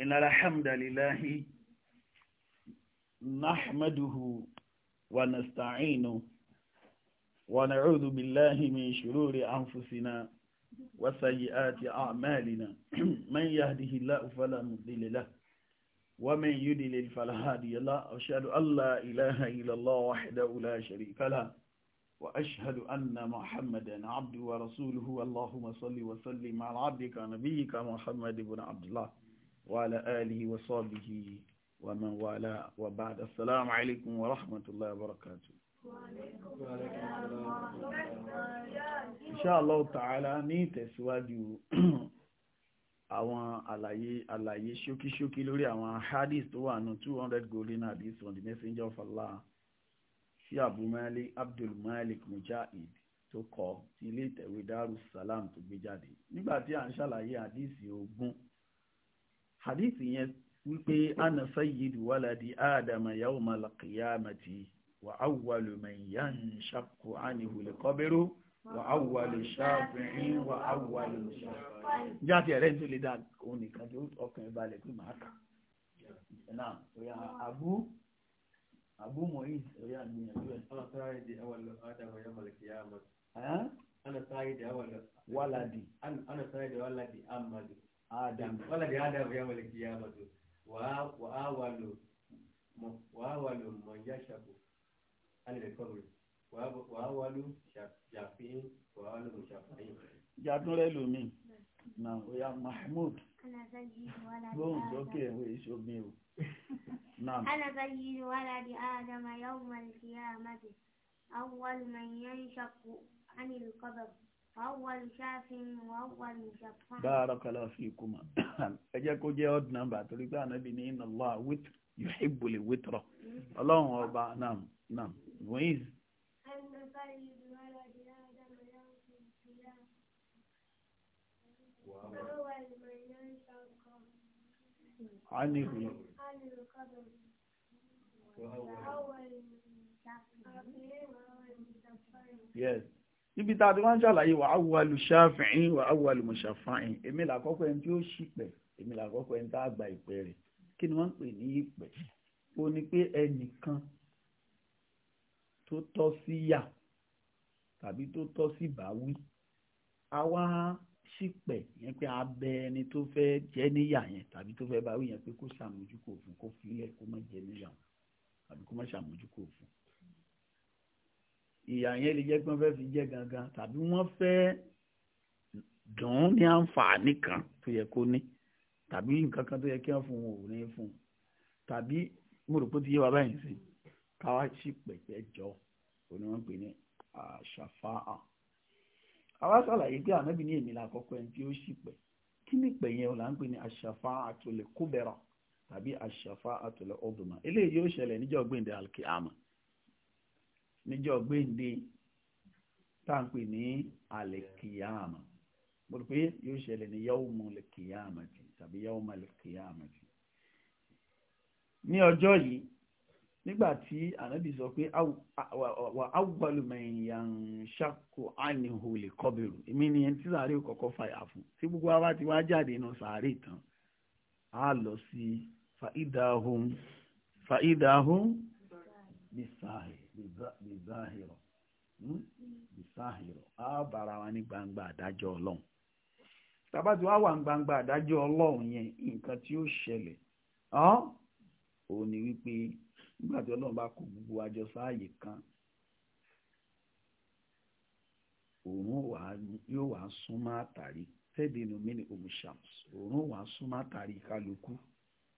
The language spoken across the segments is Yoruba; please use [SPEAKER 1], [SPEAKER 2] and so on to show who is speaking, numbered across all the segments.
[SPEAKER 1] إن الحمد لله نحمده ونستعينه ونعوذ بالله من شرور أنفسنا وسيئات أعمالنا من يهده الله فلا مضل له ومن يدلل فلا هادي الله أشهد أن لا إله إلا الله وحده لا شريك له وأشهد أن محمدا عبده ورسوله اللهم صل وسلم على عبدك ونبيك محمد بن عبد الله وعلى آله وصحبه ومن والاه وبعد السلام عليكم ورحمة الله وبركاته Insha Allah Ta'ala ní ìtẹ̀síwájú àwọn àlàyé àlàyé ṣókíṣókí lórí àwọn hadith tó wà ní 200 golden hadith on the messenger of Allah sí Abu Malik Abdul Malik Mujahid tó kọ sí ilé ìtẹ̀wé Darussalam tó gbé jáde nígbà à ń ṣàlàyé hadith ogún hadithi ya wípé ana sayyidu waladi adama yawma al-qiyamati wa awwalu man yanshaqqu anhu al wa awwalu wa awwalu shafi'in. jáde ẹ̀rẹ́ ní tó lè dá òun nìkan tó ọkàn ìbalẹ̀ pé màá kà. náà abu abu àbú mohin òyà adama yawma al-qiyamati. ana sayyidi awwalu waladi. ana amadi. آدم ولد آدم يوم القيامة وأول وأول من يشك عن القبر وأول شافع وأول مشافع jadun rẹ lomi na oya mahmud gbóhùn sókè ẹwọ èso mi o naam. alaba yìí wàhálà di adama yawmal qiyamati awwal man yanshaqu anil qabr. أول شاف وأول شفاع بارك الله فيكم أجاكو جاود نمبا تلقى نبي نين الله وتر يحب الوترة الله أربع نعم نعم وإذ عن القدر وهو اول شخص يس níbi tá a ti wọ́n ṣàlàyé wà á wà lù ṣáfìín wà á wà lù mùṣàfáìn èmi làkọ́kọ́ ẹni tí ó ṣìpẹ̀ èmi làkọ́kọ́ ẹni tá a gba ìpẹ̀ rẹ̀ kí ni wọ́n ń pè ní ìpẹ̀ ó ní pé ẹnìkan tó tọ́ sí yà tàbí tó tọ́ sí báwí àwa ṣìpẹ̀ yẹn pé abẹ ẹni tó fẹ́ jẹ́ níyà yẹn tàbí tó fẹ́ báwí yẹn pé kó ṣàmójúkò fún kó filẹ̀ kó má jẹ́ níyà tàbí kó má ṣàmójúkò fún ìyà yẹn lè jẹ́ pé wọ́n fẹ́ fi jẹ gangan tàbí wọ́n fẹ́ dùn ún ní àǹfààní kan tó yẹ kó ní tàbí nǹkan kan tó yẹ kí wọ́n fún un ò ní fún un tàbí mo rò pé ó ti yé wa báyìí sí káwá sí pẹ̀pẹ́ jọ òní wọ́n pè ní àṣàfà hàn àwa ṣàlàyé pé ànábì ní èmi làkọ́kọ́ ẹni tí ó sì pẹ̀ kí ni pẹ̀ yẹn là ń pè ní àṣàfà àtòlẹ̀ kúbẹ̀rà tàbí àṣàfà àtòlẹ̀ ọ̀dùnmá eléyìí yóò ṣẹlẹ̀ níjọ́ gbèǹde alkiyama níjọ́ gbéǹde táǹpì ní alẹ́kìyàmà mo rò pé yóò ṣẹlẹ̀ ní yawmu lẹ́kìyàmà tì tàbí yawma lẹ́kìyàmà tì. ní ọjọ́ yìí nígbà tí ànábì sọ pé wà áwùgbàlù mẹ̀yàn ṣàkó àníhò lè kọ́bìrù èmi ni ẹni tí sàárè kọ́kọ́ fàyà fún tí gbogbo wa ti wá jáde inú sàárè tán á lọ sí fàídàhùn fàídàhùn bisáàlì bizahiro bizahiro hmm? a bara wa ni gbangba àdájọ́ ọlọ́run tàbá tí wà gbangba àdájọ́ yẹn nǹkan tí ó ṣẹlẹ̀ ó ni wípé nígbà ọlọ́run bá gbogbo àjọ sáàyè kan òun yóò wá súnmọ́ àtàrí tẹ́bi inú mi ni omushams òun wà súnmọ́ àtàrí kálukú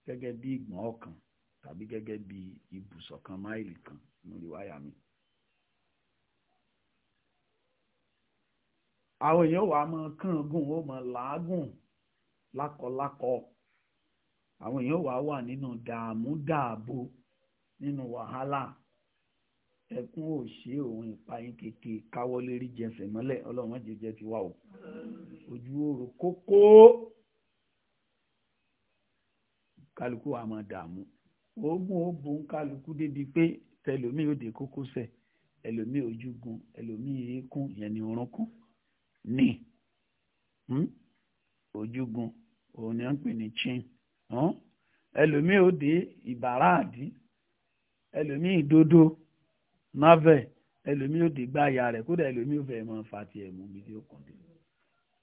[SPEAKER 1] gẹ́gẹ́ bí ìgbọ̀n tàbí gẹ́gẹ́ kan nínú ìwáyà mi. àwọn èèyàn wà mọ kángun ó mọ làágùn lákọlákọ àwọn èèyàn wà wà nínú dààmú dààbò nínú wàhálà ẹkún òṣè òun ìpayín kéke káwọlé rí jẹsẹ mọ́lẹ̀ Ọlọ́run jẹjẹ ti wà o ojú oòrò kókó kálukú àmọ́ dààmú oògùn ó bu kálukú débi pé tẹlomi òde kókósẹ̀ ẹlòmí ojúgun ẹlòmí eékún ìyẹn ni orúnkún ní hmm, ojúgun òun ni à ń pè ní chin ẹlòmí òde ìbàràdì ẹlòmí ìdodo navel ẹlòmí òde gbáya rẹ̀ kódà ẹlòmí òfẹ mọ fati ẹmú gidi okùn dé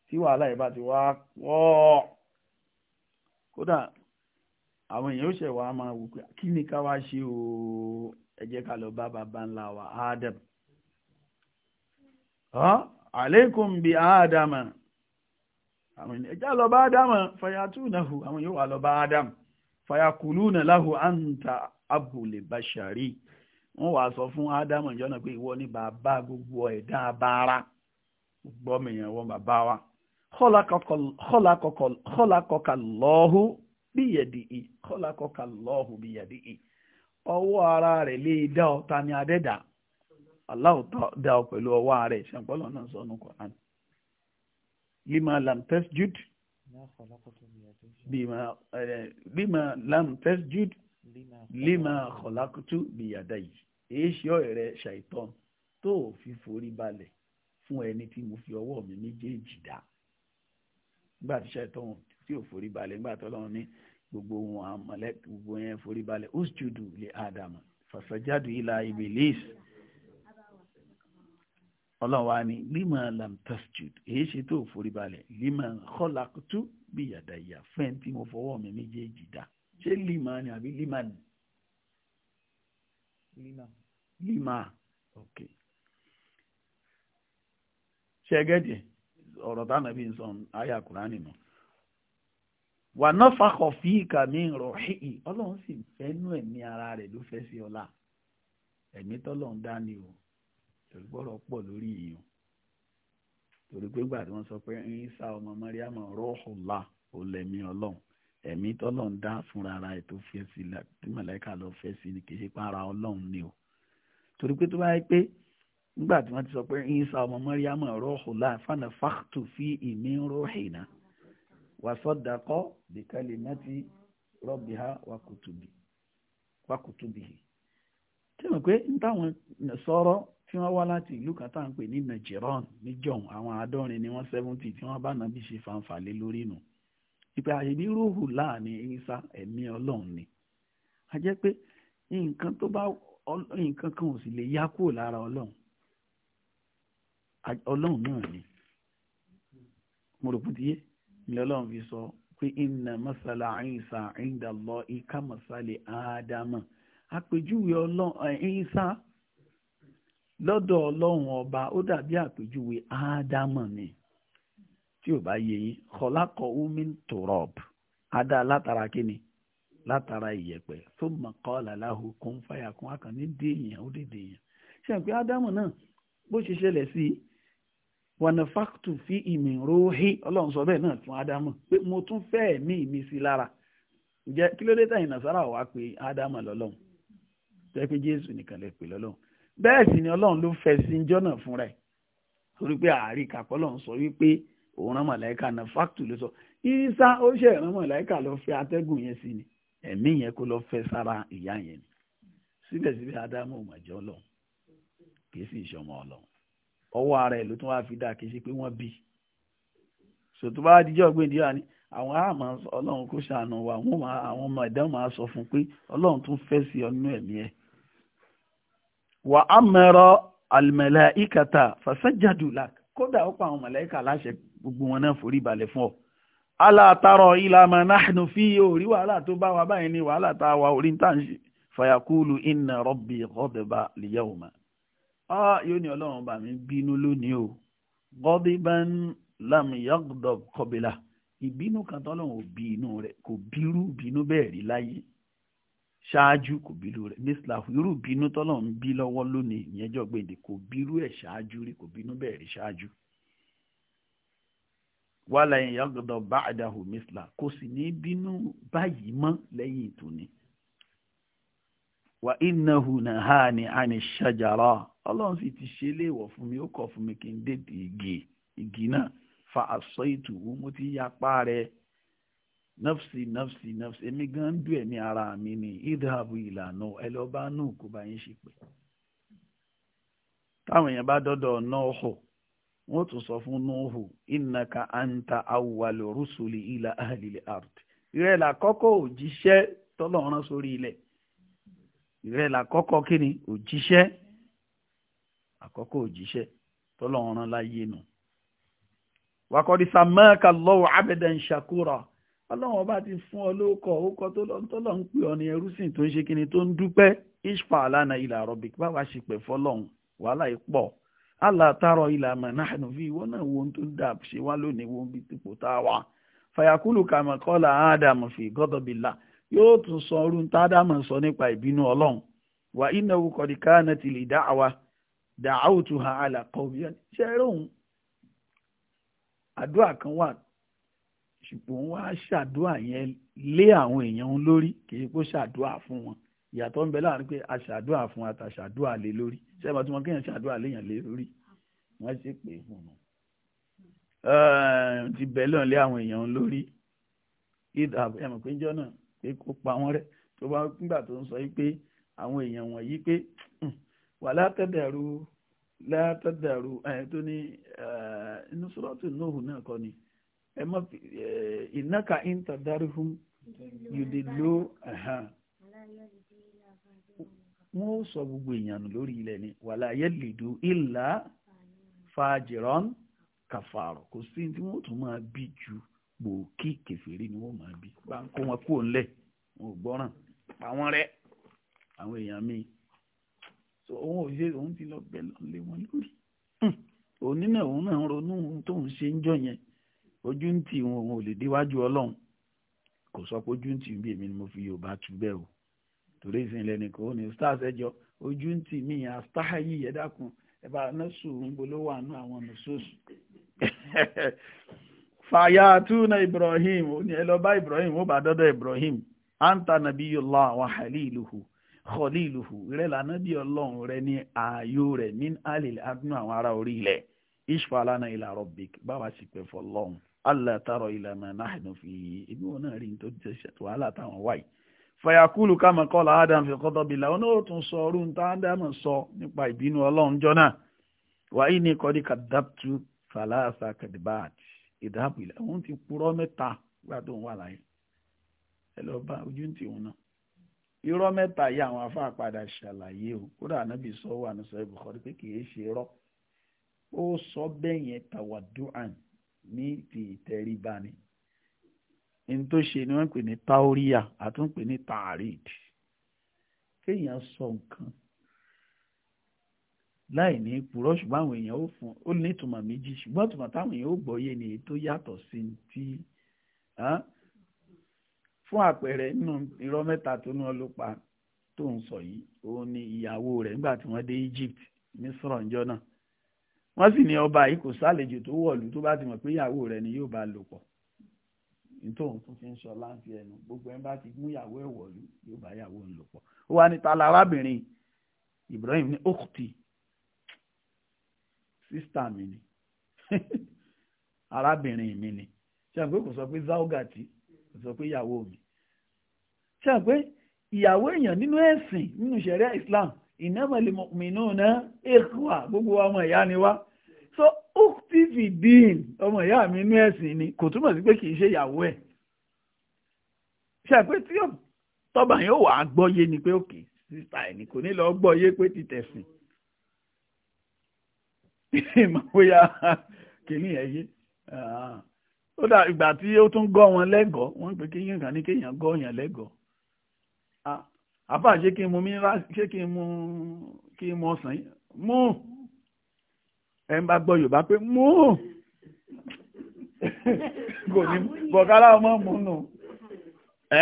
[SPEAKER 1] tí wàhálà yìí bá ti wá pọ̀ kódà àwọn èèyàn ó ṣẹ̀ wá máa wò pé kí ni ká wá ṣe ooo ẹ jẹ́ ká lọ bá bàbá ńlá wa Adam aleikum bi Adam ẹ jẹ́ lọ bá Adam fayatunahu àwọn yóò wà lọ bá Adam fayakuluna lahu anta abule bashari wọ́n wàá sọ fún Adam ìjọ́nà pé ìwọ ni bàbá gbogbo ẹ̀dá abára gbogbo ọmọ èèyàn wọn bàbá wa khalaqaka Allahu biyadihi khalaqaka ọwọ́ ara rẹ̀ lè dá ọ ta ni adẹ́dà Allah dá ọ pẹ̀lú ọwọ́ ara ẹ̀ ṣàǹpọ̀lọ́ náà sọ nù Quran lima lam tasjud eh, lima lam tasjud lima khalaqtu biyadayi èyí ṣe ọ̀rẹ́ ṣàìtàn tó fi forí balẹ̀ fún ẹni tí mo fi ọwọ́ mi méjèèjì dá nígbà ṣàìtàn tí ò forí balẹ̀ nígbà lọ́wọ́ ní gbogbo wọn àmọ̀lẹ́kà gbogbo yẹn forí balẹ̀ usjudu li ádámà fasajadu ila ibilis ọlọ́wà ni lima lam tasjud èyí ṣe tó forí balẹ̀ lima khalaqtu biyadayya fẹ́ tí mo fọwọ́ mi méjèèjì dá ṣé lima ni àbí lima ni lima ok ṣẹ́gẹ́dì ọ̀rọ̀ tánàbí ń sọ ayà kùránì náà wà náà fakọ̀ fi ìkà mi rọ̀ hìhì ọlọ́run sì fẹ́nu ẹ̀mí ara rẹ̀ ló fẹ́ sí ọlá ẹ̀mí tọ́lọ́run dání o torí gbọ́dọ̀ pọ̀ lórí ìyàn torí pé gbàdí wọ́n sọ pé Ìsá ọmọ Màríàmù rọ́ọ̀hùlá ò lẹ̀mí ọlọ́run ẹ̀mí tọ́lọ́run dá fúnra ara ẹ̀ tó fẹ́ sí tí mọ̀lẹ́kà lọ fẹ́ sí ni kì í ṣe pé ara ọlọ́run ni o torí pé tó bá yẹ pé nígbà tí wọ́n ti sọ pé Ìsá ọmọ Màríàmù rọ́ọ̀hùlá fànà fàtù fi ìmí rọ́ọ̀hìnà wàsọdàkọ bìkálẹ mẹtì rọbìhá wàkùtùbìhì tí wọn pé ń táwọn sọ̀rọ̀ tí wọ́n wá láti ìlú kan tá à ń pè ní àwọn àádọ́rin ni wọ́n seventy tí wọ́n bá nàbí ṣe fanfà lé lórí nù ìpè àyèbí rúhù láàrin ìsá ẹ̀mí ọlọ́run ni a jẹ́ pé nǹkan tó bá nǹkan kan ò sì lè yá kúrò lára ọlọ́run ọlọ́run náà ni mo rò pé ti yé lọ́lọ́run fi sọ pé inna masala Isa inda Allahi ka masali Adama àpèjúwe Isa lọ́dọ̀ ọlọ́run ọba ó dàbí àpèjúwe Ádámà ni tí ò bá yé yín kọlákọ̀ umin turab adá látara kíni látara ìyẹ̀pẹ̀ tó mọ̀ kọ́ làláhù kún fàyà kún akàn ní déèyàn ó dé déèyàn ṣe é pé Ádámà náà bó ṣe ṣẹlẹ̀ sí i wọnàfàtù fi ìmì róhí ọlọ́run sọ bẹ́ẹ̀ náà fún ádámù pé mo tún fẹ́ mí ìmí sí lára ǹjẹ́ kí ló dé tẹ̀yìn nàṣàrà wá pé ádámù lọ́lọ́run tẹ́ pé jésù nìkan lè pè lọ́lọ́run bẹ́ẹ̀ sì ni ọlọ́run ló fẹ́ sí jọ́nà fún rẹ̀ torí pé àárí kàpọ́ lọ́run sọ wípé òun rán màláìka nàfàtù ló sọ ìrísá ó ṣe ìran màláìka lọ fẹ́ atẹ́gùn yẹn sí ni ẹ̀mí yẹn kó lọ fẹ́ sára ìyá yẹn ni síbẹ̀síbẹ̀ ádámù ò mà kì í sì ṣọmọ ọlọ́run ọwọ́ ara ẹ̀ ló tún wá fi dá kì í ṣe pé wọ́n bí sòtú bá dijọ́ gbèdé wa ni àwọn àmọ́ ọlọ́run kò ṣàánú wa àwọn ọmọ ẹ̀dá máa sọ fún pé ọlọ́run tún fẹ́ sí ọ nínú ẹ̀mí ẹ̀. wà á mẹ́rọ àlùmẹ̀lẹ̀ ìkàtà fàṣẹjàdùlà kódà ó pa àwọn màláíkà láṣẹ gbogbo wọn náà forí balẹ̀ fún ọ. aláàtàrọ̀ ìlànà náà fi orí wàhálà tó bá wa báyìí ni wàhálà tá a wà orí ń tàn ṣe fàyàkúlù inna rabbi ghadaba liyawma ah yóò ní ọlọ́run bá mi bínú lónìí o gọ́díbán yagdob kọbílà ìbínú kan tọ́lọ́run ò bí inú rẹ̀ kò bírú bínú bẹ́ẹ̀ rí láyé ṣáájú kò bírú rẹ̀ nísìláfù irú bínú tọ́lọ́run bí lọ́wọ́ lónìí ìyẹnjọ́ gbèdè kò bírú ẹ̀ ṣáájú rí kò bínú bẹ́ẹ̀ rí ṣáájú wàhálà yẹn kò sì ní bínú báyìí mọ́ lẹ́yìn ìtòní. wà náà hà ní àní ṣàjàrà ọlọ́run sì ti ṣe léèwọ̀ fún mi ó kọ̀ fún mi kí n déètì igi igi náà fa àṣọ ìtùwú mo ti yapa rẹ̀ nọ́fṣì nọ́fṣì nọ́fṣì èmi gan ń dùn ẹ̀mí ara mi ni ìdáàbò ìlànà ẹ lọ bá nù kó bá yín ṣe pé táwọn èèyàn bá dọ́dọ̀ nọ́ọ̀hù wọ́n tún sọ fún nọ́ọ̀hù ìnaka anta awwalo rusuli ila ahlil ard ìrẹ́ là kọ́kọ́ òjíṣẹ́ tọ́lọ́run sórí ilẹ̀ ìrẹ́ là kọ́kọ́ kíni òjíṣẹ́ àkọ́kọ́ òjíṣẹ́ tọ́lọ́run rán láyé nù wàkọ́dí sàmẹ́ẹ̀kà lọ́wọ́ abẹ́dẹ̀n ṣàkúrà ọlọ́run ọba ti fún ọ lóòkọ̀ òkọ tọ́lọ́ ń pè ọ ní ẹrúsìn tó ń ṣe kíni tó ń dúpẹ́ ishpa alana ilà arabic báwa ṣe pẹ̀ fọlọ́run wàhálà yìí pọ̀ aláàtàrọ̀ ilà mẹ́nàánù fi ìwọ náà wo tó ń dà ṣe wá lónìí wo bí tipò tá a wà fàyàkúlù kàmọ́kọ́lá ádámù fi gọ́dọ̀bìlà yóò tún sọ orun tádámù sọ nípa ìbínú ọlọ́run wà ìnáwó kọ̀díkà náà ti lè dá àwa dàáwùtúhà alàkọ̀ọ́bí ṣe é rò ń àdúrà kan wà ṣùgbọ́n wá ṣàdúrà yẹn lé àwọn èèyàn ń lórí kì í kó ṣàdúrà fún wọn ìyàtọ̀ ń bẹ láàrin pé a ṣàdúrà fún ata ṣàdúrà lé lórí ṣé ìbá tí wọn kéèyàn ṣàdúrà léèyàn lé lórí wọn ṣe pé fún un. ti bẹ́ẹ̀ lọ́n lé àwọn èèyàn ń lórí ìdá ẹ̀mọ̀ náà pé kó pa wọ́n rẹ́ tó bá nígbà tó ń sọ yìí pé àwọn èèyàn wọ̀nyí pé wà látẹ̀dàrú látẹ̀dàrú ẹ̀ eh, tó ní eh, inú sọ́rọ́tù nóòhù náà kọ́ ni ẹ mọ́ ìnáka eh, intadarihum yòdèló wọ́n ó sọ gbogbo èèyàn lórí ilẹ̀ ni wàlá yẹ́lìdú ìlà fàájìrán kàfàrọ̀ kò sí tí wọ́n tún máa bí ju gbòókì kẹfìrí ni wọ́n máa bí bá ń kó wọn kúrò ńlẹ̀ wọn ò gbọ́ràn pa wọ́n àwọn èèyàn míì so òun ò yé òun ti lọ bẹ lọlé wọn lórí hmm. òní náà òun náà ń ronú ohun tóun ṣe ń jọ yẹn ojú ń tì wọn òun ò lè déwájú Ọlọ́run kò sọ pé ojú ń tì bí èmi ni mo fi Yorùbá tu bẹ́ẹ̀ o torí ìsìnlẹ̀ nìkan ó ní stars ẹjọ́ ojú ń tì mí àstáhàyí ẹ̀dàkùn ẹ̀bà nọ́ọ̀sù ń bolówó àánú àwọn nùsọ́ọ̀sù fàyàtúnà Ibrahim ó ní ẹ lọ bá Ibrahim ó bá dọ́dọ̀ Ibrahim anta nabiyullah wa haliluhu khaliluhu rẹ̀ lànàbí ọlọ́run rẹ̀ ní ààyò rẹ̀ min alil adnu àwọn ará orí ilẹ̀ ishfa lana ila rabbik báwa sì pẹ̀ fọlọ́run allah tarọ ìlànà nahnu fi ibi wọn náà rí tó ti ṣètò wàhálà táwọn wáyé fàyàkúlù kama qala adam fi ghadabillah ọ̀nà ó tún sọ ọrùn tá adam sọ nípa ìbínú ọlọ́run jọ́nà wàá ní kọ́dí kadabtu falasa kadibaati ìdáàbò ìlà òun ti purọ́ mẹ́ta gbàdúrà wà láyé ẹ lọ bá ojú ń tì náà irọ́ mẹ́ta yìí àwọn afá padà ṣàlàyé o kódà ànábì sọ wà ní sọ ibùkọ́ pé kì í ṣe irọ́ ó sọ bẹ́ẹ̀ yẹn tàwádùn ní ti ìtẹríba ni ní tó ṣe ni wọ́n pè ní táóríà àtúnpè ní tààríd kéèyàn sọ nǹkan láì ní purọ́ ṣùgbọ́n àwọn èèyàn ó fún ó ní ìtumọ̀ méjì ṣùgbọ́n ìtumọ̀ táwọn èèyàn ó gbọ́ yé ni èyí tó yàtọ̀ sí ti fún àpẹẹrẹ nínú irọ́ mẹ́ta tó ní ọlọ́pàá tó ń sọ yìí òun ni ìyàwó rẹ̀ nígbà tí wọ́n dé Egypt mísírọ̀ ńjọ́ náà wọ́n sì ní ọba yìí kò sálejò tó wọ̀lú tó bá ti mọ̀ pé ìyàwó rẹ̀ ni yóò bá lò pọ̀ nítorí tó fi ń sọ láǹfì ẹnu gbogbo ẹ̀ bá ti mú ìyàwó ẹ̀ wọ̀lú yóò bá ìyàwó ń lò pọ̀ ó wà níta arábìnrin Ibrahim ní okti sísítà mi ni arábìnrin mi ni ṣé àgbẹ̀ kò sọ pé zaugati sọ pé ìyàwó mi ṣe à pé ìyàwó èèyàn nínú ẹ̀sìn nínú ṣẹ̀ríà Islam innamal mu'minuna ikhwa gbogbo ọmọ ìyá ni wá so uktivi dean ọmọ ìyá mi nínú ẹ̀sìn ni kò túmọ̀ sí pé kì í ṣe ìyàwó ẹ̀ ṣe à pé tí tọ́ba yóò wà á gbọ́yé ni pé òkè sísá ẹ̀ ni kò ní lọ gbọ́yé pé ti tẹ̀sìn ìmọ̀ bóyá kìíní yé ah ó dà ìgbà tí ó tún gọ́ wọn lẹ́gọ̀ọ́ wọ́n pè kéèyàn kan ní kéèyàn gọ́ yàn lẹ́gọ̀ọ́ àbá ṣé kí n mu mineral ṣé kí n mu kí n mu ọsàn yìí mú ẹ̀ ń bá gbọ́ Yorùbá pé mú kò ní bọ̀kálá ọmọ mú nù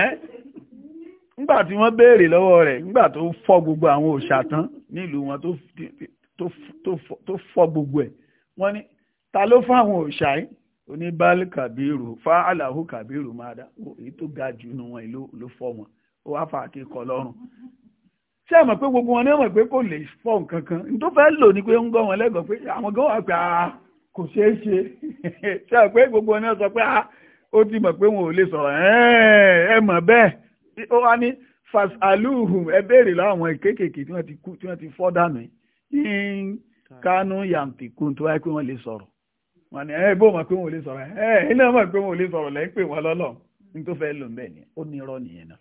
[SPEAKER 1] ẹ́ nígbà tí wọ́n béèrè lọ́wọ́ rẹ̀ nígbà tó fọ́ gbogbo àwọn òòṣà tán nílùú wọn tó fọ́ gbogbo ẹ̀ wọ́n ní ta ló fún àwọn òòṣà yìí oníbàálì kàbírù fáàlàhù kàbírù máa dá èyí tó ga jù nù wọn ló fọ́ wọn ó wá fà kí kọ lọ́rùn ṣé àmọ̀ pé gbogbo wọn ní ọmọ pé kò lè fọ́ nǹkan kan ní tó fẹ́ lò ní pé ń gọ́ wọn lẹ́gọ̀ọ́ pé àwọn gan wà pé àá ah, kò ṣeé ṣe ṣé àpé gbogbo wọn ní sọ pé àá ah, ó ti mọ̀ pé wọn ò lè sọ̀rọ̀ ẹ mọ̀ bẹ́ẹ̀ ó wá ní fasaluhu ẹ béèrè láwọn kéékèèké tí wọ́n ti kú dànù yín kánú yàǹtìkú tó wáyé pé wọ́n lè sọ̀rọ̀ wọn ni ẹ bó mọ̀ pé wọn ò lè sọ̀rọ̀ ẹ iná mọ̀ pé wọn ò lè sọ̀rọ̀ lẹ́ ń pè wọn lọ́lọ́ ní tó fẹ́ lò bẹ́ẹ̀ ni ó ní irọ́ nìyẹn náà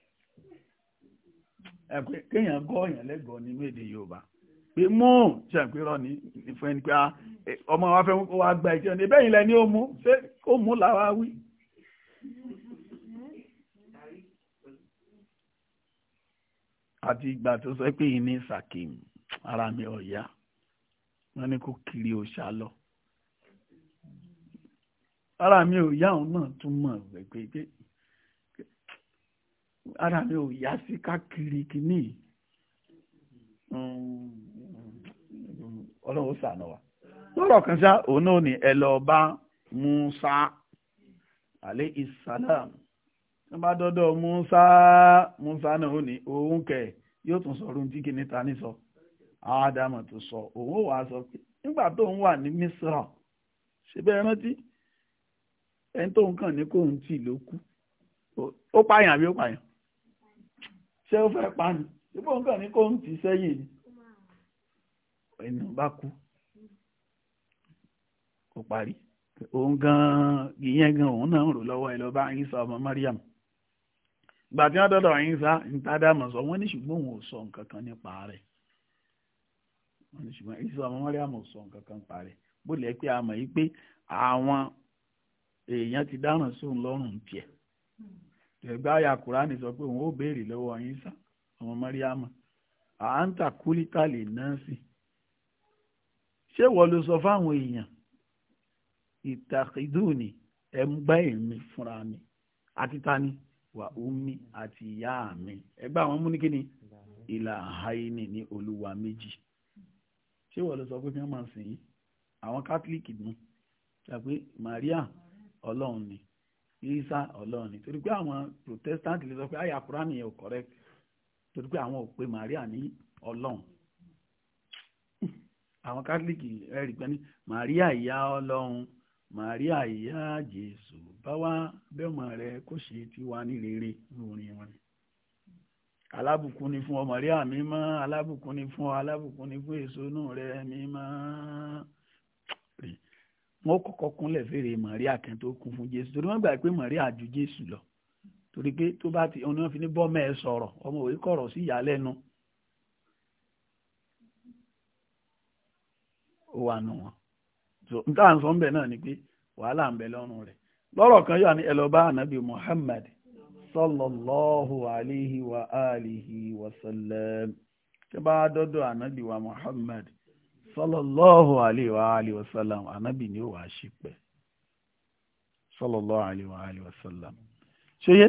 [SPEAKER 1] ẹ pé kéèyàn gọ́ èèyàn lẹ́gọ̀ọ́ nínú èdè Yorùbá pé mú ṣàpérọ́ ní fún ẹni pé ah, ọmọ wa fẹ́ wá gba ìjọ ní bẹ́yìn lẹ́ni ó mú ṣé ó mú làwa wí. àti ìgbà tó sọ pé ìní sàkìm ara mi ọ̀yá wọn ni kò kiri òṣà lọ ara mi ò yá òun náà tún mọ̀ gbẹ̀gbẹ̀gbẹ̀ ara mi ò yá sí káàkiri kìíní ọlọ́run ṣàánú wa lọ́rọ̀ kan ṣá òun náà ni ẹ Musa alẹ́ isalam tó bá dọ́dọ̀ Musa Musa náà ó ní òun kẹ̀ yóò tún sọ ọdún tí kìíní ta ní sọ àwọn Ádámù tó sọ òun ó wàá sọ pé nígbà tó ń wà ní Misra ṣe bẹ́ẹ̀ rántí ẹni tó ń kàn ní kò ń tì ló kú ó pààyàn àbí ó pààyàn ṣé ó fẹ́ pa ni ṣùgbọ́n kò ń kàn ní kò ń tì sẹ́yìn ni ènìyàn bá kú kò parí òun gan ìyẹn gan òun náà ń rò lọ́wọ́ ẹ lọ bá Ìsá ọmọ Mariam ìgbà tí wọ́n dọ́dọ̀ Ìsá ntádàmọ̀ sọ wọ́n ní ṣùgbọ́n òun ò sọ nǹkan kan nípa rẹ̀ wọ́n ní ṣùgbọ́n Ìsá ọmọ Mariam ò sọ nǹkan kan nípa rẹ̀ bó lẹ́ pé a mọ̀ pé àwọn èèyàn ti dáràn sóun lọ́rùn tiẹ̀ ẹgbẹ́ àyà kùránì sọ pé òun ó béèrè lọ́wọ́ yín sá ọmọ mọ́ríàmà à ń tà kúlítà lè náà sí ṣé wọ́n ló sọ fáwọn èèyàn ìtàkìdùnì ẹ̀ èmi fúnra mi àti tani wà umi àti ìyá mi ẹgbẹ́ àwọn mú ní kí ni ìlà àhàìní ní olúwa méjì ṣé wọ́n ló sọ pé kí wọ́n máa sìn yín àwọn kátólíìkì nù ṣàpé Maria ọlọ́run ni isa ọlọ́run ni torí pé àwọn protestant lè sọ pé àyà kúránì yẹn ò correct torí pé àwọn ò pe Maria ní ọlọ́run àwọn catholic ẹ̀rí pé ní Maria ìyá ọlọ́run Maria ìyá Jésù báwa bẹ́ọ̀mọ̀ rẹ kó ṣe tiwa ní rere lórin wọn alábùkún ni fún ọ Maria mímọ́ alábùkún ni fún ọ alábùkún ni fún èso inú rẹ mímọ́ wọn kọkọ kúnlẹ̀ fèrè Màríà kan tó kún fún Jésù torí wọ́n gbà pé Màríà ju Jésù lọ torí pé tó bá ti ọ̀nà fi ní bọ́mọ ẹ sọ̀rọ̀ ọmọ òwe kọ̀rọ̀ sí ìyàlẹ́nu ó wà nù wọn nta n sọ ń bẹ náà ni pé wàhálà ń bẹ lọ́rùn rẹ̀ lọ́rọ̀ kan yóò ní ẹlọ́ba ànábì Muhammad sallallahu alayhi wa alihi wa sallam tí bá dọ́dọ̀ ànábì wa Muhammad sallallahu alayhi wa alayhi wa sallam anabi ni ó wàá ṣìpẹ̀ sallallahu alayhi wa alayhi wa sallam ṣóyẹ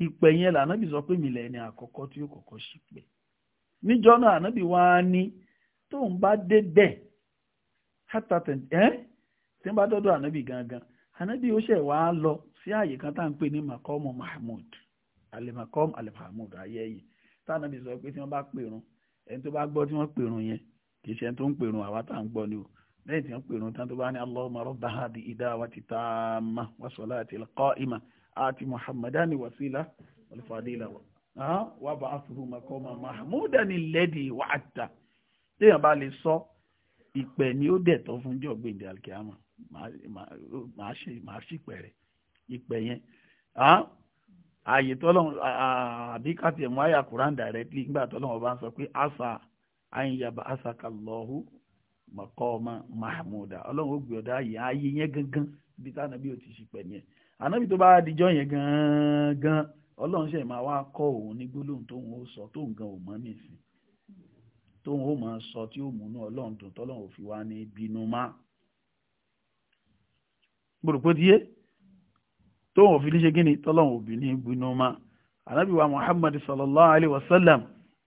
[SPEAKER 1] ìpẹ̀ yẹn là anabi sọ pé mi lẹ ni àkọ́kọ́ tí ó kọ́kọ́ ṣìpẹ̀ níjọ́ náà anabi wá ní tóun bá dé bẹ̀ hátàtẹ ẹ tí n bá dọdọ anabi gangan anabi ó ṣe wá lọ sí àyè kan tá à ń pè ní makomo mahmud alimakom alimahamud ayẹyẹ tá anabi sọ pé tí wọ́n bá pèrún ẹni tó bá gbọ́ tí wọn pèrún yẹn kì í ṣe tó ń pèrún àwa tá à ń gbọ́ ni o lẹ́yìn tí wọ́n pèrún tán tó bá ní Allahumma rabba hadi idawati tamma wa salati alqa'ima àti muhammadani wasila walfadila wa ba'athu maqama mahmudan alladhi wa'adta téèyàn bá lè sọ ìpè ni ó dẹ̀ tọ́ fún jọ gbèǹdé alkiyama màá ṣìpẹ̀ rẹ̀ ìpè yẹn ààyè tọ́lọ́run àbíkàtì ẹ̀mú àyà Quran directly nígbà tọ́lọ́run ọba ń sọ pé asa ayin yaba asaka lọ́hu mọ̀kọ́ọ́mọ́ mahmuda ọlọ́run ó gbé ọ̀dọ̀ ayé ayé yẹn gangan ibi tí anabi ò ti ṣìpẹ̀ yẹn anabi tó bá dijọ́ yẹn gangan ọlọ́run ṣe máa wá kọ́ òun ní gbólóhùn tóun ó sọ tóun gan ò mọ̀ nísìn tóun ó máa sọ tí ó múnú ọlọ́run dùn tọ́lọ́run ò fi wá ní bínú má gbòròpótíyé tóun ò fi ní ṣe kíni tọ́lọ́run ò bínú má anabi wa muhammad sallallahu alayhi wa sallam.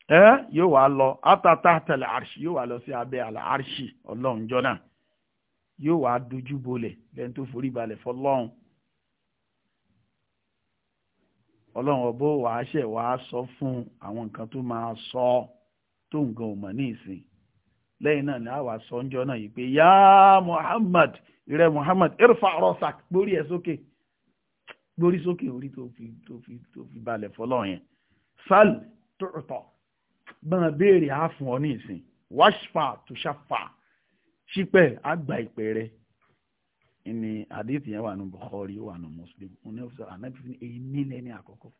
[SPEAKER 1] ẹ yóò wá lọ atata tẹlẹ àrṣì yóò wá lọ sí abẹ́ àlà àrṣì ọlọ́run jọnà yóò wá dojú bolẹ̀ lẹ́ni tó forí balẹ̀ fọ́lọ́run ọlọ́run ọbọ wàá ṣẹ wàá sọ fún àwọn nǹkan tó máa sọ tó nǹkan ò mọ ní ìsìn náà ni a muhammad rẹ muhammad irfa rọsak gbórí ẹ sókè gbórí sókè orí tó fi tó fi tó bọ́n béèrè á fún ọ ní ìsìn wáṣfà tó ṣàfà ṣípẹ́ àgbà ìpè rẹ ni àdéhùn yẹn wà nù Bukhari wà nù Muslim mo ní ọ̀sán ànábì fún èyí nílẹ̀ ní àkọ́kọ́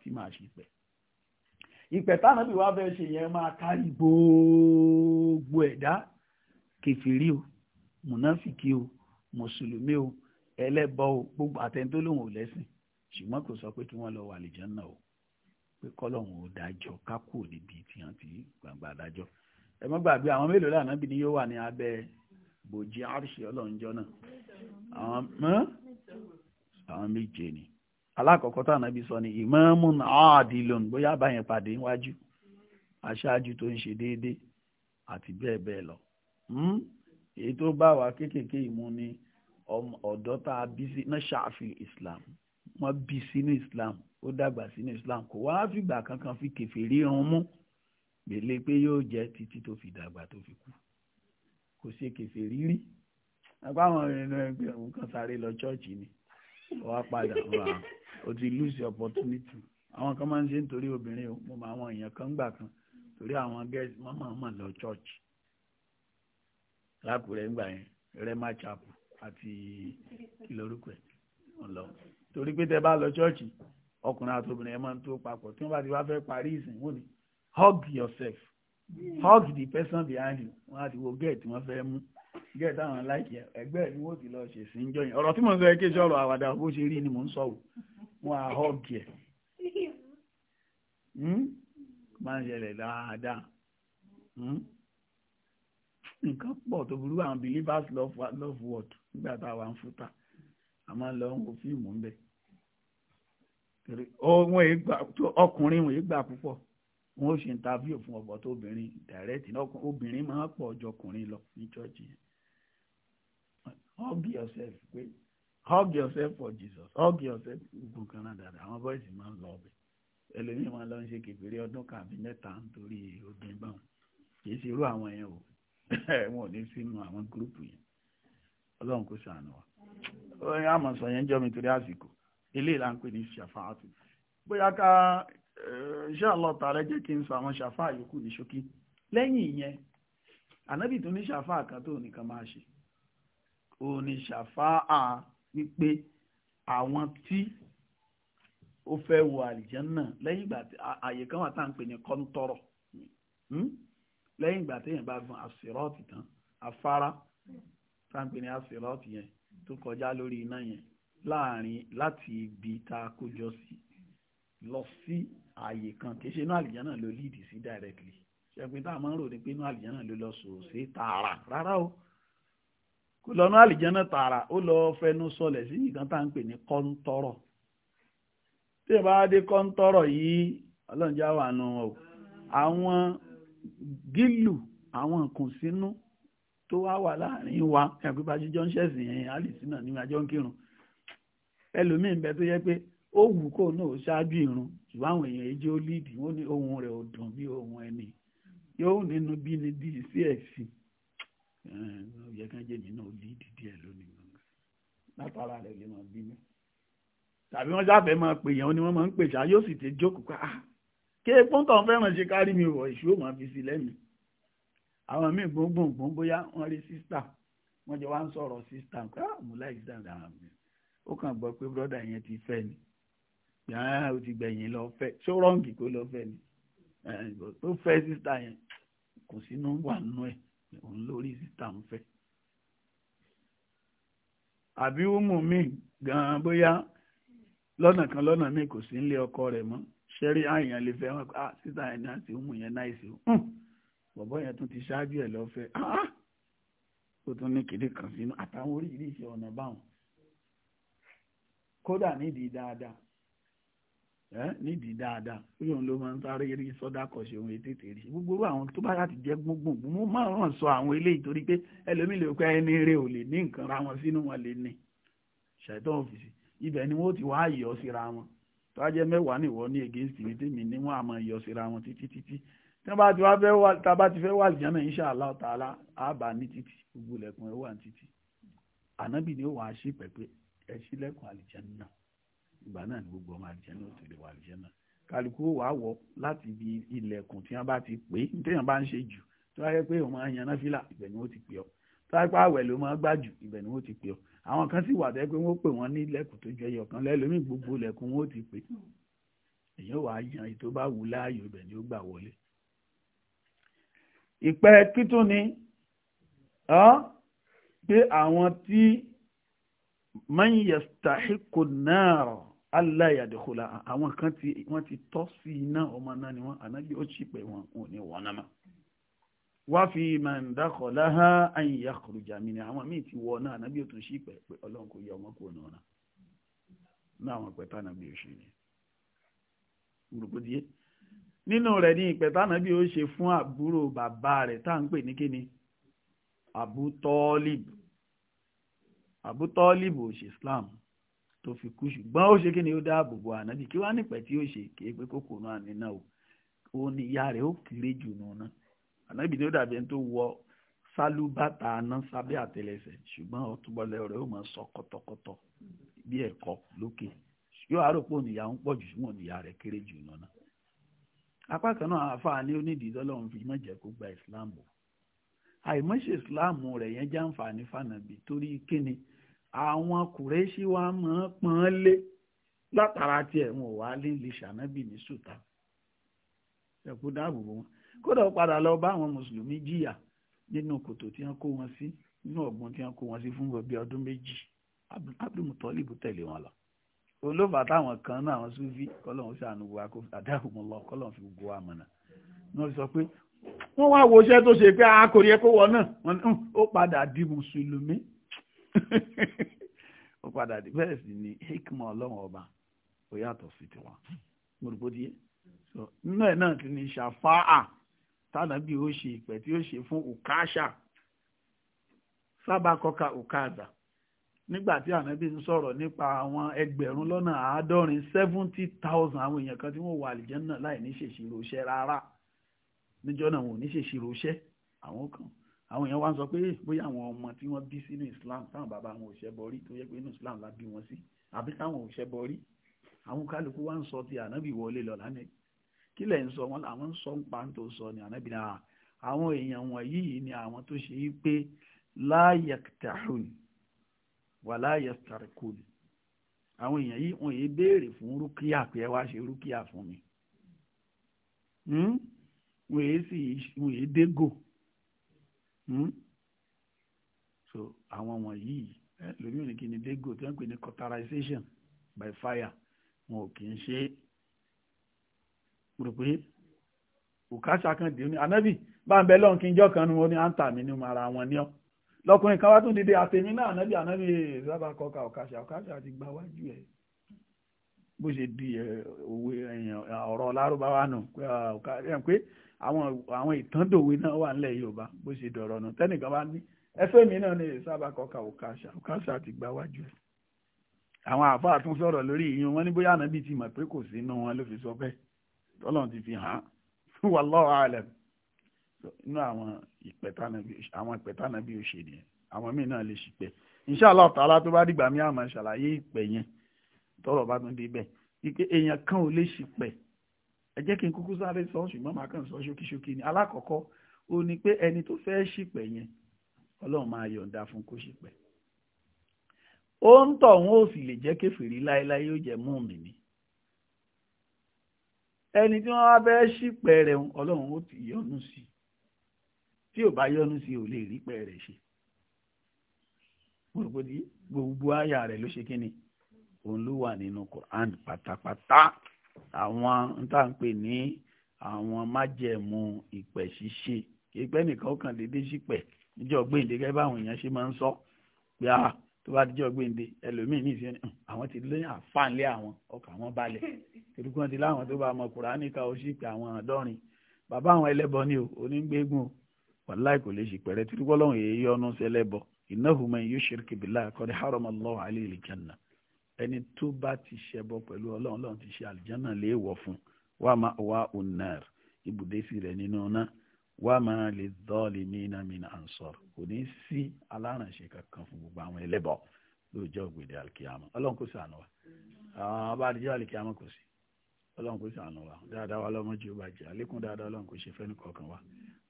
[SPEAKER 1] tí màá ṣe ìpè ìpè tánàbì wàá fẹ́ ṣe yẹn máa kárí gbogbo ẹ̀dá kẹfìrí o mùnáfìkì o mùsùlùmí o ẹlẹ́bọ o gbogbo àtẹ̀ntólóhùn ò lẹ́sìn ṣùgbọ́n kò sọ pé kí wọ́n lọ wà lìjẹ́ náà o pé kọ́lọ́hún ò dájọ́ ká kúrò níbi tí wọ́n ti gbàgbà dájọ́ ẹ mọ́ gbàgbé àwọn mélòó lànà bí ni yóò wà ní abẹ́ bòjì àrùsì ọlọ́njọ́ náà hm? àwọn méje ni alákọ̀ọ́kọ́ tó ànábi sọ ni ìmáàmù àádìlọ́n bóyá báyẹn pàdé níwájú aṣáájú tó ń ṣe déédé àti bẹ́ẹ̀ bẹ́ẹ̀ lọ hm? èyí tó bá wa kéékèèké ìmú ni ọ̀dọ́ tá a bí náà ṣáàfin Islam wọ́n bí sínú islam ó dàgbà sínú islam kò wá fìgbà kankan fi kèfèrí irun mú gbèlè pé yóò jẹ́ títí tó fi dàgbà tó fi kú kò ṣe kèfèrí rí àpá àwọn ènìyàn ẹgbẹ́ òun kan sáré lọ chọ́ọ̀chì ni ó wá padà wá ó ti lose opportunity àwọn kan máa ń ṣe nítorí obìnrin mo mọ àwọn èèyàn kan gbà kan torí àwọn gẹ́ẹ̀sì wọ́n máa ń lọ chọ́ọ̀chì lákùrẹ́ ńgbà yẹn rẹ́mà chapel àti kìlórúkọ ẹ̀ wọn torí pé tẹ bá lọ ṣọ́ọ̀ṣì ọkùnrin àti obìnrin ẹ máa ń tó papọ̀ tí wọ́n bá ti wá fẹ́ parí ìsìn wọ́n ní hug yourself hug the person behind you wọ́n á ti wo gẹ́ẹ̀ tí wọ́n fẹ́ mú gẹ́ẹ̀ táwọn láìkì ẹgbẹ́ ẹ̀ ni wọ́n ti lọ ṣe sí ń jọyìn ọ̀rọ̀ tí mò ń sọ ẹ kéṣe ọ̀rọ̀ àwàdà bó ṣe rí ni mò ń sọ wọ́n á hug ẹ̀ máa hmm? ń ṣẹlẹ̀ dáadáa hmm? nǹkan pọ̀ tó burú àwọn believers love word nígbà táwa ń fúta a máa ń lọ ń wo fíìmù ń bẹ ọkùnrin wọn gbà púpọ̀ wọn ó ṣe interview fún ọ̀pọ̀ tó obìnrin direct obìnrin máa ń pọ̀ ọjọ́kùnrin lọ ní chọ́ọ̀chì hug yourself pé hug yourself for Jesus hug yourself gbogbo kan náà dáadáa àwọn bọ́ìsì máa ń lọ ọbẹ̀ ẹlòmíì máa ń lọ ń ṣe kékeré ọdún kàbí mẹ́ta nítorí obìnrin báwọn kì í ṣe irú àwọn yẹn o wọn ò ní sínú àwọn gúrúùpù yẹn Ọlọ́run kò ṣàánú wa oyin àmọ̀sọ yẹn jọ mi torí àsìkò eléyìí là ń pè ní ṣàfáàtù bóyá ká eh, insha Allah ta'ala jẹ́ kí n sọ àwọn ṣàfáà yòókù ní ṣókí lẹ́yìn ìyẹn ànábì tó ní ṣàfáà kan tó nìkan máa ṣe ó ní ṣàfáà wípé àwọn tí ó fẹ́ wọ àlìjẹ́nnà lẹ́yìn ìgbà tí àyè kan wà tá à ń pè ní kọ́ńtọ́rọ̀ hmm? lẹ́yìn ìgbà téèyàn bá gun àsìrọ́ọ̀tì tán afárá tá à ń pè ní àsìrọ́ọ̀tì yẹn tó kọjá lórí iná yẹn láàrin láti ibi tá a kójọ sí lọ sí ààyè kan kì í ṣe inú àlìjánà ló líìdì sí directly ṣẹ́gun tá a máa ń rò ní pé inú àlìjánà ló lọ sòòsè tààrà rárá o kò lọ́nà àlìjánà tààrà ó lọ fẹnu sọlẹ̀ sí nǹkan tá à ń pè ní kọ́ńtọ́rọ̀ tí ìbá dé kọ́ńtọ́rọ̀ yìí ọlọ́run já wà nù wọn o àwọn gílù àwọn kùnsínú tó wá wà láàrin wa ẹ̀kú bá ṣe jọ́ńṣẹ́ sí ẹ̀yìn alice náà ní ajọ́ ń kírun ẹlòmíì ń bẹ tó yẹ pé ó wù kó náà ṣáájú ìrun ṣùgbọ́n àwọn èèyàn èjì ó líìdì wọ́n ní ohun rẹ̀ ò dùn bí ohun ẹni yóò nínú bí ni bí sí ẹ̀sìn yẹ kán jẹ́ mi náà líìdì díẹ̀ lónìí látara rẹ̀ lè máa bínú tàbí wọ́n sáfẹ́ máa pè yẹn ni wọ́n máa ń pè ṣáá yóò sì ti jókòó ká ah, kí epo ń tàn fẹ́ràn ṣe kárí mi wọ̀ ìṣó àwọn míì gbóngbòngbòn bóyá wọ́n rí sísítà wọ́n jọ wá ń sọ̀rọ̀ sísítà nǹkan ah, àmú láì sísítà àwọn mi ó kàn gbọ́ pé brọ́dà yẹn ti fẹ́ ni yàrá ah, ó ti gbẹ̀yìn lọ fẹ́ ṣó rọ́ǹgì kó lọ fẹ́ ni tó eh, fẹ́ sísítà yẹn kò sínú wà nínú ẹ̀ òun lórí sísítà ń fẹ́ àbí wúmù mi gan-an bóyá lọ́nà kan lọ́nà mi kò sí nílé ọkọ rẹ̀ mọ́ ṣẹ́rí àyàn lè fẹ́ wọn pé ah, sísítà yẹn náà ti wúmù yẹn náà ìsìn bọ̀bọ́ yẹn tún ti ṣáájú ẹ̀ lọ́fẹ́ ah, ah! ó tún ní kéde kan sínú àtàwọn oríṣiríṣi ọ̀nà báwọn kódà nídìí dáadáa ẹ nídìí dáadáa yóò ló máa ń sáré rí sọdá kọṣe ohun ètò ìtẹrí gbogbo àwọn tó bá láti jẹ gbogbo mo máa ràn sọ àwọn eléyìí torí pé ẹlòmíì lè pẹ ẹni rẹ ò lè ní nǹkan ra wọn sínú wọn lè ní ṣètò ọfíìsì ibẹ̀ ni wọ́n ti wá yọ síra wọn tó á jẹ́ nìwọ ní against mi tèmi ni wọ́n á yọ síra wọn títí títí tí wọ́n bá ti wá fẹ́ wà tá a bá ti fẹ́ wà lìjánà insha Allah ta'ala àbá ní títì gbogbo ilẹ̀kùn ẹ̀ wà ní títì ànábì ni ó wà á ṣí pẹ̀pẹ́ ẹ ṣílẹ̀kùn àlìjánà ìgbà náà ni gbogbo ọmọ àlìjánà ó ti lè wà àlìjánà kálukú wà á wọ láti ibi ilẹ̀kùn tí wọ́n bá ti pè é téèyàn bá ń ṣe jù tó wáyé pé òun máa yan ibẹ̀ ni wọ́n ti pè ọ́ tó wáyé pé àwẹ̀ ló máa gbà ìpẹ́ kítún ni pé àwọn tí man yastahiqu an-nar alla yadkhula àwọn kan tí wọ́n ti tọ́ sí iná ọmọ náà ni wọ́n ànábì ó sì pé wọn ò ní wọ́n náà wá fi man dakhalaha an yakhruja minha àwọn míì ti wọ náà ànábì ó tún sí pé pé ọlọ́run kò yẹ ọmọ kúrò náà náà àwọn pẹ̀tà ànábì ó ṣe ni. nínú rẹ̀ ní ìpẹ̀ tánàbí ó ṣe fún àbúrò bàbá rẹ̀ tá à ń pè ní kíni abutọ́ọ́lìb abutọ́ọ́lìb ò ṣe islam tó fi kú ṣùgbọ́n ó ṣe kíni ó dáàbò bo ànábì kí wá nípẹ̀ tí ó ṣe kìí pé kòkòrò àníná o ó ní ìyá rẹ̀ ó kéré jù nùnà ànábì ni ó dàbí ẹni tó wọ sálúbàtà aná sábẹ́ àtẹlẹsẹ̀ ṣùgbọ́n ọtúbọ̀lẹ́ rẹ̀ ó máa sọ kọ́tọ́kọ́tọ́ bí ẹ̀kọ́ lókè yóò ń apá kan náà àáfàá ní onídìí tọ́lọ́run fi má jẹ́ kó gba islam o àìmọ́ṣe islam rẹ̀ yẹn jàǹfààní fànàbí torí kíni àwọn kùrẹ́ṣí wa máa pọ́n lé látara tiẹ̀ wọn ò wá lé lè ṣànábì ní sùtà ẹ̀kú dáàbò wọn kódà ó padà lọ bá àwọn mùsùlùmí jìyà nínú kòtò tí wọ́n kó wọn sí nínú ọ̀gbun tí wọ́n kó wọn sí fún bí ọdún méjì Abdul Muttalib tẹ̀lé wọn lọ olófà táwọn kan náà àwọn súfì kọ́lọ́hún ṣàánú wa kó àdáhùn lọ kọ́lọ́hún fi gbogbo wa mọ̀nà ní wọ́n sọ pé wọ́n wá wo iṣẹ́ tó ṣe pé a kò rí ẹ kó wọ náà ó padà di mùsùlùmí ó padà di bẹ́ẹ̀ sì ni hikma ọlọ́run ọba ó yàtọ̀ sí tiwọn mo rò bó di yé nínú ẹ̀ náà ti ní ṣàfáà tánàbí ó ṣe ìpẹ́ tí ó ṣe fún òkáṣà sábà kọ́ka òkáàdà nígbà tí ànábì ń sọ̀rọ̀ nípa àwọn ẹgbẹ̀rún lọ́nà àádọ́rin seventy thousand àwọn èèyàn kan tí wọ́n wà àlìjẹ́nà láì ní ṣèṣirò iṣẹ́ rárá níjọ́ náà wọn ò ní ṣèṣirò iṣẹ́ àwọn kan àwọn èèyàn wá ń sọ pé eh, bóyá àwọn ọmọ tí wọ́n bí sínú Islam táwọn bàbá wọn ò ṣẹbọ rí tó yẹ pé inú Islam la bí wọn sí àbí táwọn ò ṣẹbọ rí àwọn kálukú wá ń sọ ti ànábì wọlé lọ lánàá kí lẹ̀ ń sọ wọn àwọn ń ni ànábì náà ah, àwọn èèyàn wọ̀nyí wàlá yastarikul àwọn èèyàn yìí wọn yìí béèrè fún rúkìá pé ẹ wá ṣe rúkìá fún mi hmm? wọn yìí sì wọn yìí dégò hmm? so àwọn wọ̀nyí lómi òní kí ni dégò tí wọ́n pè ní cauterization by fire wọn ò kì í ṣe é rò pé òkàṣà kan dì í ní bá ń bẹ lọ́nkí kan ní wọn ní à ń tà mí nínú ara wọn ní ọ́ lọkùnrin kan wá tún dìde àtẹ̀mí náà ànábì ànábì sábà kọka ọ̀kàṣà ọ̀kàṣà ti gba wájú ẹ̀ bó ṣe di òwe ọ̀rọ̀ lárúbáwá nù pé àwọn ìtàndòwe náà wà nílẹ̀ yorùbá bó ṣe dọ̀rọ̀ nù tẹ́nìkan bá ní ẹfẹ́ mi náà ní sábà kọka ọ̀kàṣà ọ̀kàṣà ti gba wájú ẹ̀ àwọn àfáà tún sọ̀rọ̀ lórí ìyún wọn ní bóyá ànábì ti mọ̀ pé kò sínú wọn ló fi sọ bẹ́ẹ̀ tọ́lọ́run ti fi hàn án wàlọ́ọ̀ àlẹ́ inú àwọn ìpẹ̀tánàbí àwọn ìpẹ̀tánàbí ò ṣe nìyẹn àwọn míì náà lè ṣìpẹ̀ inṣàlá ọ̀tàlá tó bá dìgbà mí àmọ́ ṣàlàyé ìpẹ̀ yẹn tọrọ bá tún dé bẹ́ẹ̀ wípé èèyàn kan ò lè ṣìpẹ̀ ẹ jẹ́ kí n kúkú sáré sọ ṣùgbọ́n màá kàn sọ ṣókíṣókí ni alákọ̀ọ́kọ́ ó ní pé ẹni tó fẹ́ ṣìpẹ̀ yẹn ọlọ́run máa yọ̀ǹda fún kó ṣìpẹ̀ ó ń tọ̀ wọn ò sì lè jẹ́ kéfìrí láéláé yóò jẹ́ mùmínì ẹni tí wọ́n wá fẹ́ ṣìpẹ̀ rẹ̀ ọlọ́run ó ti yọ́nú sí i tí ò bá yọnu sí ò lè rí pẹ́ rẹ̀ ṣe gbogbo gbogbo àyà rẹ̀ ló ṣe kí ni òun ló wà nínú Quran pátápátá àwọn n tá n pè ní àwọn májẹ̀mú ìpẹ̀ ṣíṣe ìpẹ́ nìkan ó kàn déédéé ṣìpẹ̀ níjọ́ gbèǹde gẹ́gẹ́ báwọn èèyàn ṣe máa ń sọ pé a ah, tó bá díjọ́ gbèǹde ẹlòmíín ní ìsìn àwọn ti lé àǹfààní àwọn ọkàn wọn balẹ̀ torí kí wọ́n ti láwọn tó bá mọ Quran nìkan ó ṣìpẹ̀ àwọn àádọ́rin bàbá àwọn ẹlẹ́bọ ni o onígbégún wàláì kò lè ṣe pẹ̀rẹ́ tí dúpọ́ lọ́hùn èyí ọ̀nà sẹlẹ́bọ innahu man yushrik billahi qad harama Allahu alayhi al-janna ẹni tó bá ti ṣẹbọ pẹ̀lú ọlọ́run ọlọ́run ti ṣe àlìjánà léèwọ̀ fún wa ma'wahu an-nar ibùdésí rẹ̀ nínú náà wa ma lidh-dhalimina min ansar kò ní sí alárànṣe kankan fún gbogbo àwọn ẹlẹ́bọ lóòjọ́ ògbèdè alikiyama ọlọ́run kò sànù wa ọba àdìjọ́ alikiyama kò sí ọlọ́run kò sànù wa dáadáa wa lọ́mọ bàjẹ́ àlékún dáadáa ọlọ́run kò ṣe fẹ́ni kọ̀ọ̀kan wa.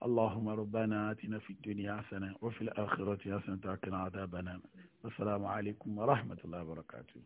[SPEAKER 1] اللهم ربنا آتنا في الدنيا حسنة وفي الآخرة حسنة وقنا عذابنا والسلام عليكم ورحمة الله وبركاته